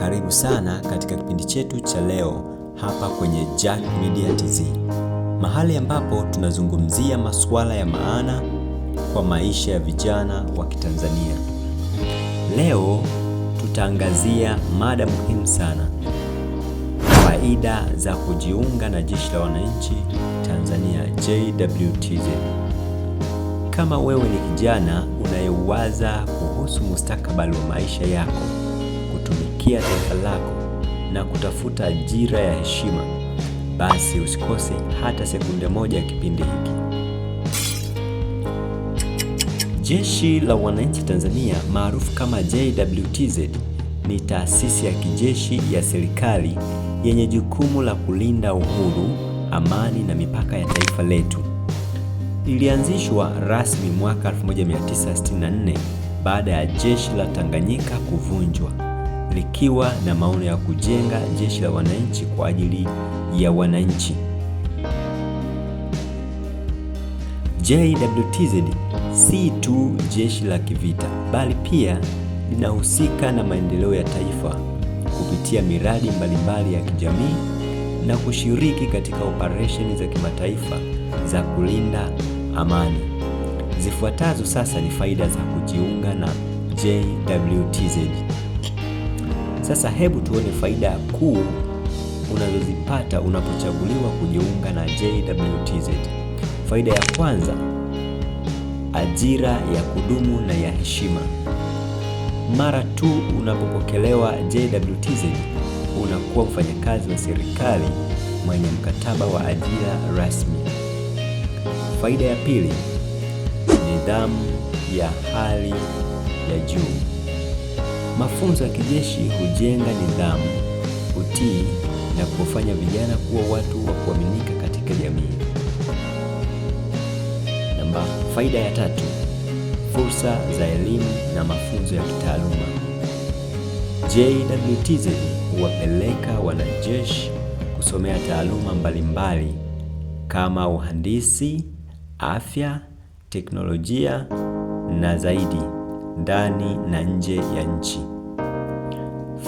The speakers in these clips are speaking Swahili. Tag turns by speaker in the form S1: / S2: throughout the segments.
S1: Karibu sana katika kipindi chetu cha leo hapa kwenye Jack Media TZ, mahali ambapo tunazungumzia masuala ya maana kwa maisha ya vijana wa Kitanzania. Leo tutaangazia mada muhimu sana, faida za kujiunga na Jeshi la Wananchi Tanzania JWTZ. Kama wewe ni kijana unayewaza kuhusu mustakabali wa maisha yako kulitumikia taifa lako na kutafuta ajira ya heshima, basi usikose hata sekunde moja ya kipindi hiki. Jeshi la Wananchi Tanzania maarufu kama JWTZ ni taasisi ya kijeshi ya serikali yenye jukumu la kulinda uhuru, amani na mipaka ya taifa letu. Ilianzishwa rasmi mwaka 1964 baada ya jeshi la Tanganyika kuvunjwa likiwa na maono ya kujenga jeshi la wananchi kwa ajili ya wananchi. JWTZ si tu jeshi la kivita, bali pia linahusika na maendeleo ya taifa kupitia miradi mbalimbali ya kijamii na kushiriki katika operesheni za kimataifa za kulinda amani. Zifuatazo sasa ni faida za kujiunga na JWTZ. Sasa hebu tuone faida kuu unazozipata unapochaguliwa kujiunga na JWTZ. Faida ya kwanza, ajira ya kudumu na ya heshima. Mara tu unapopokelewa JWTZ, unakuwa mfanyakazi wa serikali mwenye mkataba wa ajira rasmi. Faida ya pili, nidhamu ya hali ya juu. Mafunzo ya kijeshi hujenga nidhamu, utii na kuwafanya vijana kuwa watu wa kuaminika katika jamii. Namba, faida ya tatu, fursa za elimu na mafunzo ya kitaaluma. JWTZ huwapeleka wanajeshi kusomea taaluma mbalimbali kama uhandisi, afya, teknolojia na zaidi ndani na nje ya nchi.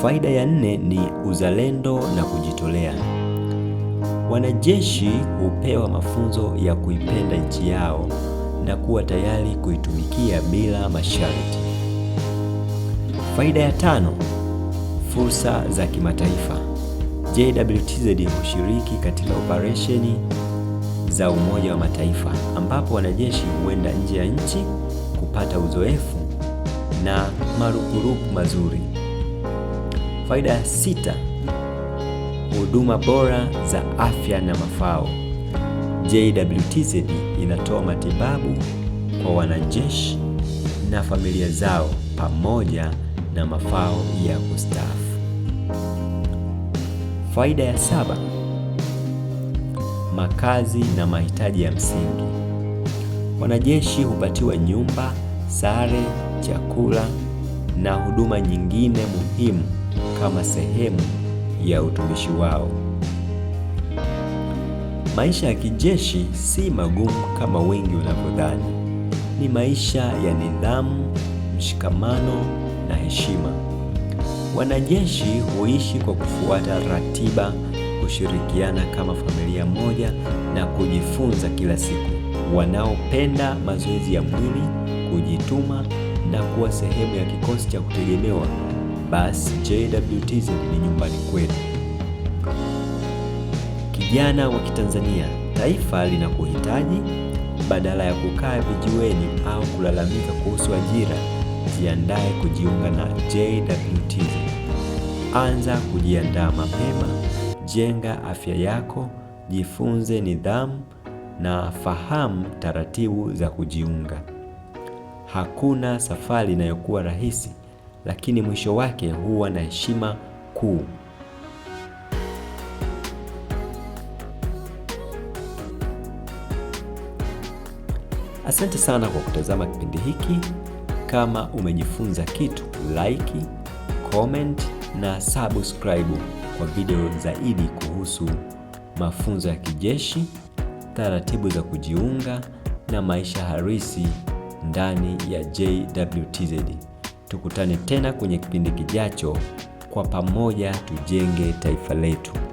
S1: Faida ya nne ni uzalendo na kujitolea. Wanajeshi hupewa mafunzo ya kuipenda nchi yao na kuwa tayari kuitumikia bila masharti. Faida ya tano, fursa za kimataifa. JWTZ hushiriki katika operesheni za Umoja wa Mataifa ambapo wanajeshi huenda nje ya nchi kupata uzoefu na marupurupu mazuri. Faida ya sita, huduma bora za afya na mafao. JWTZ inatoa matibabu kwa wanajeshi na familia zao pamoja na mafao ya kustaafu. Faida ya saba, makazi na mahitaji ya msingi. Wanajeshi hupatiwa nyumba, sare, chakula na huduma nyingine muhimu kama sehemu ya utumishi wao. Maisha ya kijeshi si magumu kama wengi wanavyodhani. Ni maisha ya nidhamu, mshikamano na heshima. Wanajeshi huishi kwa kufuata ratiba, kushirikiana kama familia moja na kujifunza kila siku. Wanaopenda mazoezi ya mwili, kujituma na kuwa sehemu ya kikosi cha kutegemewa basi JWTZ ni nyumbani kwetu. Kijana wa Kitanzania, taifa linakuhitaji. Badala ya kukaa vijiweni au kulalamika kuhusu ajira, jiandae kujiunga na JWTZ. Anza kujiandaa mapema, jenga afya yako, jifunze nidhamu na fahamu taratibu za kujiunga. Hakuna safari inayokuwa rahisi lakini mwisho wake huwa na heshima kuu. Asante sana kwa kutazama kipindi hiki. Kama umejifunza kitu, like, comment na subscribe kwa video zaidi kuhusu mafunzo ya kijeshi, taratibu za kujiunga na maisha halisi ndani ya JWTZ. Tukutane tena kwenye kipindi kijacho. Kwa pamoja tujenge taifa letu.